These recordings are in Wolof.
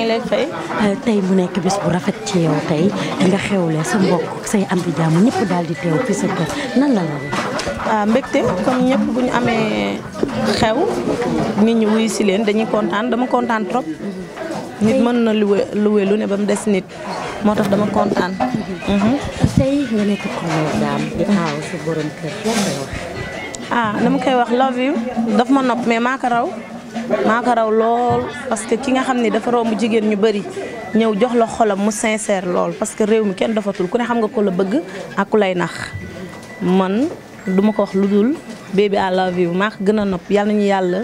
ngi lay fay. Euh, tey mu nekk bis bu rafet ci yow tey nga xewle sa mbokk say am di jàmm ñëpp daal di teew fii sa kër nan la la ah, waaw mbégte comme ñëpp bu ñu amee xew nit ñi wuyu si leen dañuy kontaan dama kontaan trop. nit mën na luwe luwe lu ne ba mu des nit moo tax dama kontaan. Mhm. Ah, dama koy wax love you daf ma nopp mais maa ko raw. maa ko raw lool parce que ki nga xam ni dafa romb jigéen ñu bëri ñëw jox la xolam mu sincère lool parce que réew mi kenn dofatul ku ne xam nga ko la bëgg ak ku lay nax man duma ko wax lu dul Baby I love you maa ko gën a nopp yàlla nañu yàlla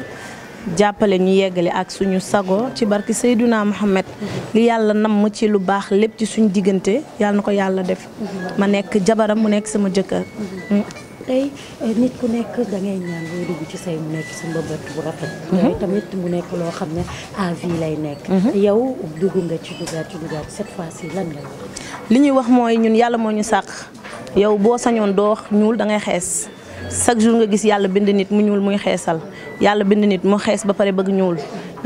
jàppale ñu yeggale ak suñu sago ci barki Seydouna Mohamed li yàlla namm ci lu baax lépp ci suñu diggante yàlla na ko yàlla def ma nekk jabaram mu nekk sama jëkkër tey eh, nit ku nekk da ngay ñaan loo dugg ci say mu nekk bu rafet. Mhm. tamit mu nekk loo xam ne à vie lay nekk. Mhm. yow dugg nga ci duggaat ci duggaat cette fois ci lan li ñuy wax mooy ñun yàlla moo ñu sàq yow boo sañoon doo ñuul da ngay xees. chaque jour nga gis yàlla bind nit mu ñuul muy xeesal yàlla bind nit mu xees ba pare bëgg ñuul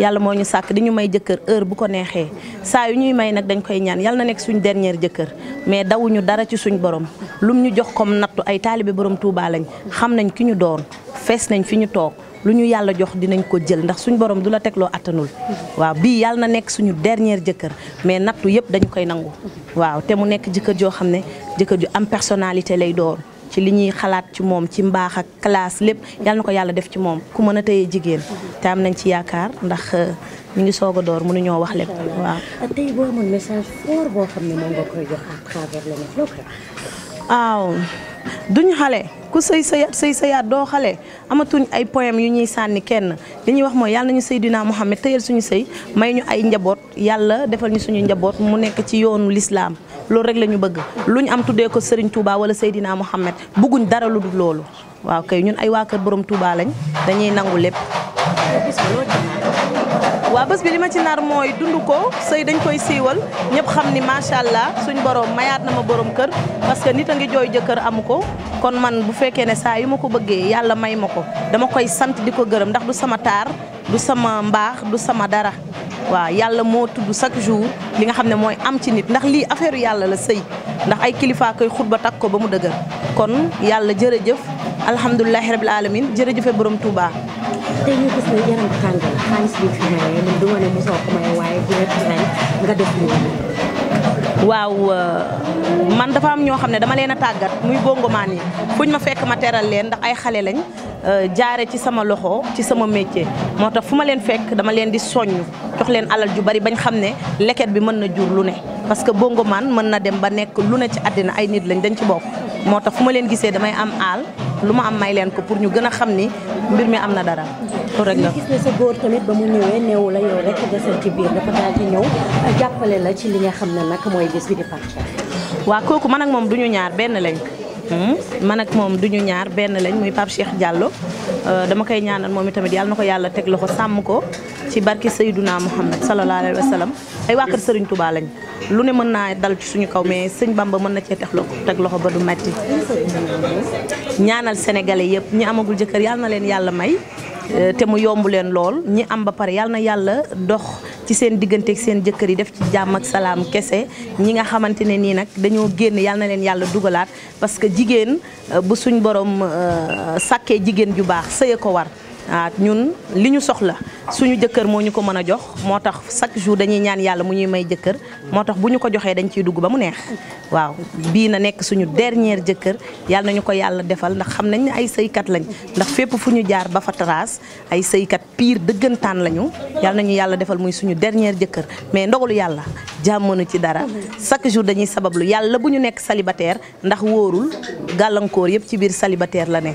yàlla moo ñu sàkk di ñu may jëkkër heure bu ko neexee saa yu ñuy may nag dañ koy ñaan yàlla na nekk suñu dernière jëkkër mais dawuñu dara ci suñu borom lum ñu jox comme nattu ay taalibe borom Touba lañ xam nañ ki ñu doon fees nañ fi ñu toog lu ñu yàlla jox dinañ ko jël ndax suñu borom du la tegloo attanul waaw bii yàlla na nekk suñu dernière jëkkër mais nattu yëpp dañu koy nangu waaw te mu nekk jëkkër joo xam ne jëkkër ju am personnalité lay doon ci li ñuy xalaat ci moom ci mbaax ak classe lépp yal na ko yàlla def ci moom ku mën a téye jigéen te am nañ ci yaakaar ndax euh, ñu ngi soog a door mënuñoo wax lépp waaw xam ne moom nga koy jox duñ xale ku sëy sëyaat sëy sëyaat doo xale amatuñ ay poème yu ñuy sànni kenn li ñuy wax mooy yàlla nañu Seydina Mouhamed tëyal suñu sëy may ñu ay njaboot yàlla defal ñu suñu njaboot mu nekk ci yoonu lislaam loolu rek la ñu bëgg lu ñu am tuddee ko sëriñ Touba wala Seydina Mohamed bëgguñ dara lu dul loolu waaw kay ñun ay waa kër borom Touba lañ dañuy nangu lépp. waaw bés bi li ma ci nar mooy dund ko sëy dañ koy siiwal ñëpp xam ni macha allah suñ borom mayaat na ma borom kër parce nit a ngi jooy jëkkër amu ko kon man bu fekkee ne saa yu ma ko bëggee yàlla may ma ko dama koy sant di ko gërëm ndax du sama taar du sama mbaax du sama dara waaw yàlla moo tudd chaque jour li nga xam ne mooy am ci nit ndax lii affaire yàlla la sëy ndax ay kilifaa koy xutba takk ko ba mu dëgër kon yàlla jërëjëf alhamdulilahi rabil alamin jërëjëfe borom Touba. tey ñu gis ne yaram tàng xaalis bi fi maye man ma ne mosoo waaw euh, man dafa am ñoo xam ne dama leen a tàggat muy bongomaan yi fuñ ma fekk ma teral leen ndax ay xale lañ euh, jaare ci sama loxo ci sama métier moo tax fu ma leen fekk dama leen di soññ jox leen alal ju bari bañ xam ne leket bi mën na jur lu ne parce que bongo man mën na dem ba nekk lu ne ci àddina ay nit lañ dañ ci bokk moo tax fu ma leen gisee damay am aal lu ma am may leen ko pour ñu gën a xam ni mbir mi am na dara. rek la gis ne sa mu ñëwee néew rek desal ci biir dafa daal di ñëw jàppale la ci li nga xam ne nag mooy bés bi di waa kooku man ak moom du ñu ñaar benn lañ. Hmm? man ak moom du ñaar benn lañ muy Pape Cheikh Diallo euh, dama koy ñaanal moom itamit yàlla na ko yàlla teg loxo sàmm ko ci barki Seydouna Muhammad sallallahu alayhi wa sallam ay waa kër Serigne Touba lu ne mën naa dal ci suñu kaw mais sëñ Bamba mën na cee teg loxo loxo ba du metti ñaanal sénégalais yëpp ñi amagul jëkkër yàlla na leen yàlla may euh, te mu yomb leen lool ñi am ba pare yàlla na yàlla dox ci seen digganteeg seen jëkkër yi def ci jàmm ak salaam kese ñi nga xamante ne nii nag dañoo génn yàlla na leen yàlla dugalaat parce que jigéen euh, bu suñ borom euh, sàkkee jigéen ju baax sëye ko war ah ñun li ñu soxla suñu jëkkër moo ñu ko mën a jox moo tax chaque jour dañuy ñaan yàlla mu ñuy may jëkkër moo tax bu ñu ko joxee dañ ciy dugg ba mu neex waaw bii na nekk suñu dernière jëkkër yàlla nañu ko yàlla defal ndax xam nañ ne ay sëykat lañ ndax fépp fu ñu jaar ba fa trace ay sëykat piir dëggantaan lañu yàlla nañu yàlla defal muy suñu dernière jëkkër mais ndogalu yàlla jàmmanu ci dara chaque jour dañuy sabablu yàlla bu ñu nekk célibataire ndax wóorul gàllankoor yëpp ci biir célibataire la ne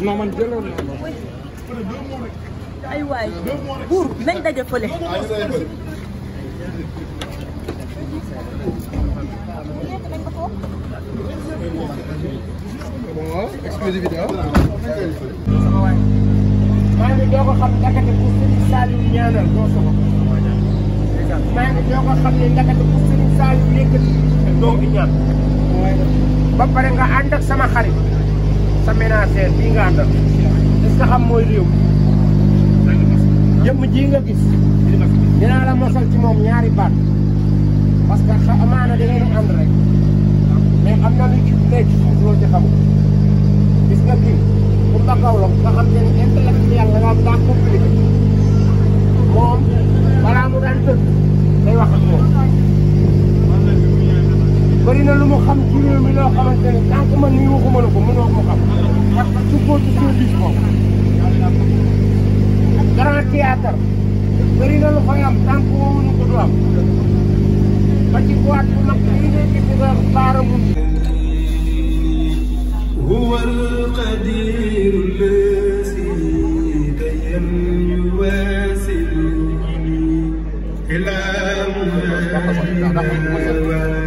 non man jëloon naa. ay waay buur nañ daje fële. bon exclusivité ah. maa ngi doog a xam ndakate pour Serigne Saliou ñaanal doo soxla. maa ngi doog a xam ne ndakate pour message bu yëkkati te doo iñaan ba pare nga ànd ak sama xarit sa ménagère bii nga àndal est ce que xam mooy réew ji nga gis dinaa la mosal ci moom ñaari baat parce que xa amaana dinañu ànd rek mais am na lu ci nekk loolu ci xam gis nga kii bu mbakaw la nga xam ne intellectuel la daal daa compliqué moom balaa mu daan tëdd day wax ak moom bëri na lu mu xam ci réew mi loo xamante ne tant que man mii waxuma la ko mënoo ko xam parce que surtout service boobu grand théâtre bëri na lu fay am tant que woowuñu ko du am ba ci boîte bu mag bii ngay gis nga baaramu هو القدير الذي ديا يواسلني إلى منى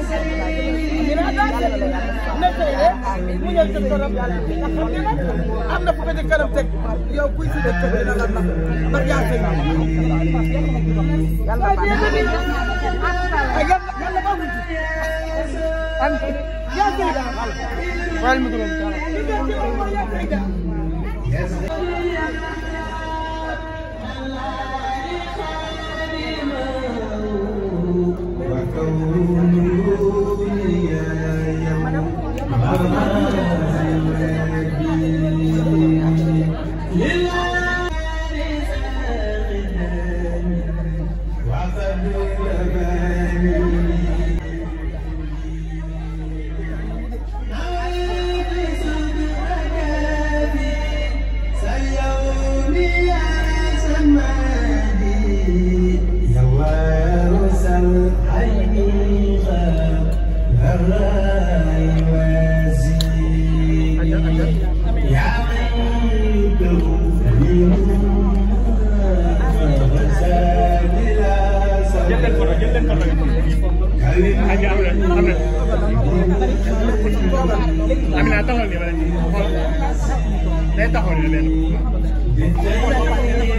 na tëye mu ñëw ci torop nga xam ne nag am na fu ko jëkkëram teg yow kuy si dëkk bi dina la nax ndax yaa ngi yàlla ba mu ci am yaa ngi wal mi gërom ta yes wa taxaw ne leen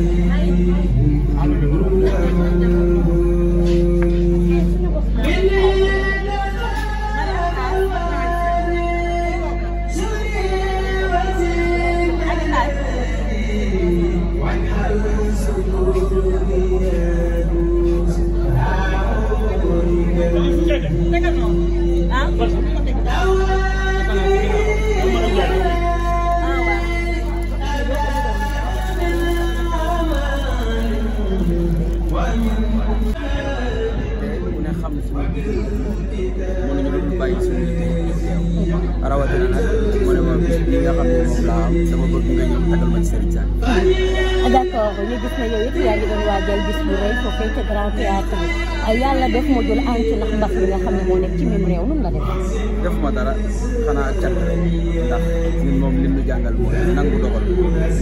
waaw dama bëgg nga ñëw tagal ma ci Serigne Thiam. Ah, d' accord ñu gis na yow it yaa ngi doon waajal bis bu rëy foofu ca grand théâtre bi ah, yàlla def ma jël ànd ci ndax mbas bi nga xam ne moo nekk ci même réew nun la def def ma dara xanaa cat rek ndax ñun moom lim ñu jàngal mooy nangu dogal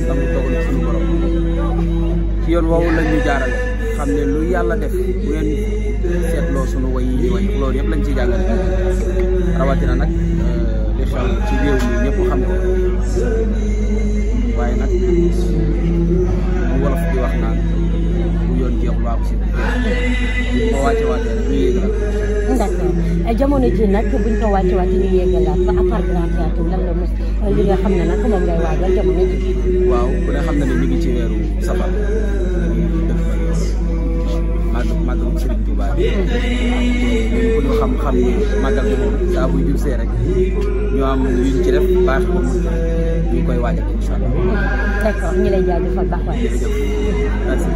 nangu dogal suñu borom ci yoon woowu lañ ñu jaarale xam ne lu yàlla def bu ngeen seetloo suñu way yi way loolu yëpp lañ ciy jàngal rawatina nag euh, Sall ci réew mi ñëpp xam ko waaye nag wolof di wax naan bu yoon jeex baaxu si biir boo ñu yéegalaat. d'accord eh, jamono ji nag buñ ko wàcce waatee ñu yéegalaat ba à part grand théâtre lan la eh, nga xam ne nag moom ngay waajal jamono ji. waaw ku ne xam na ne ñu ngi ci weeru safar. bu ñu xam-xam màggal bi moom saa buy jub see rek ñu am yuñ ci def baax ko ñu koy waajal incha allah. d'accord ñu lay jaajëfal baax waay. jërëjëf merci.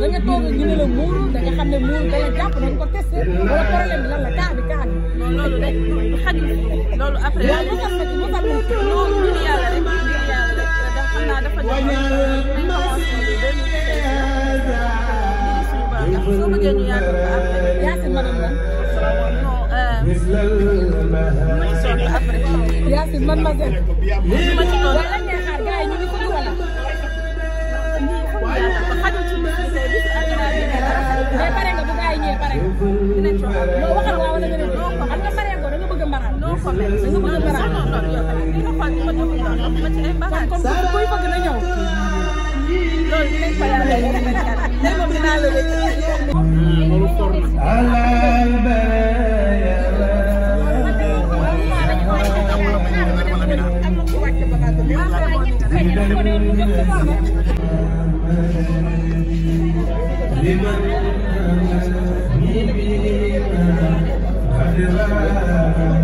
da nga toog ñu ne la muuru da nga xam ne muuru da nga jàpp dañ ko testé wala problème bi lan la cas bi cas bi loolu rek du xajul loolu après daal di def bu fa loolu mbir yàlla rek mbir yàlla rek da xam naa dafa jox soo bëggee ñu yaatal ko après yaa si mën na non soxla après yaa si mën na gën ma ci noonu wala ngay xaar gars yi ñu ngi ko wala xajul ci mbir mi mais pare nga bu gars yi ñëwee pare nga dinañ ba ci ay na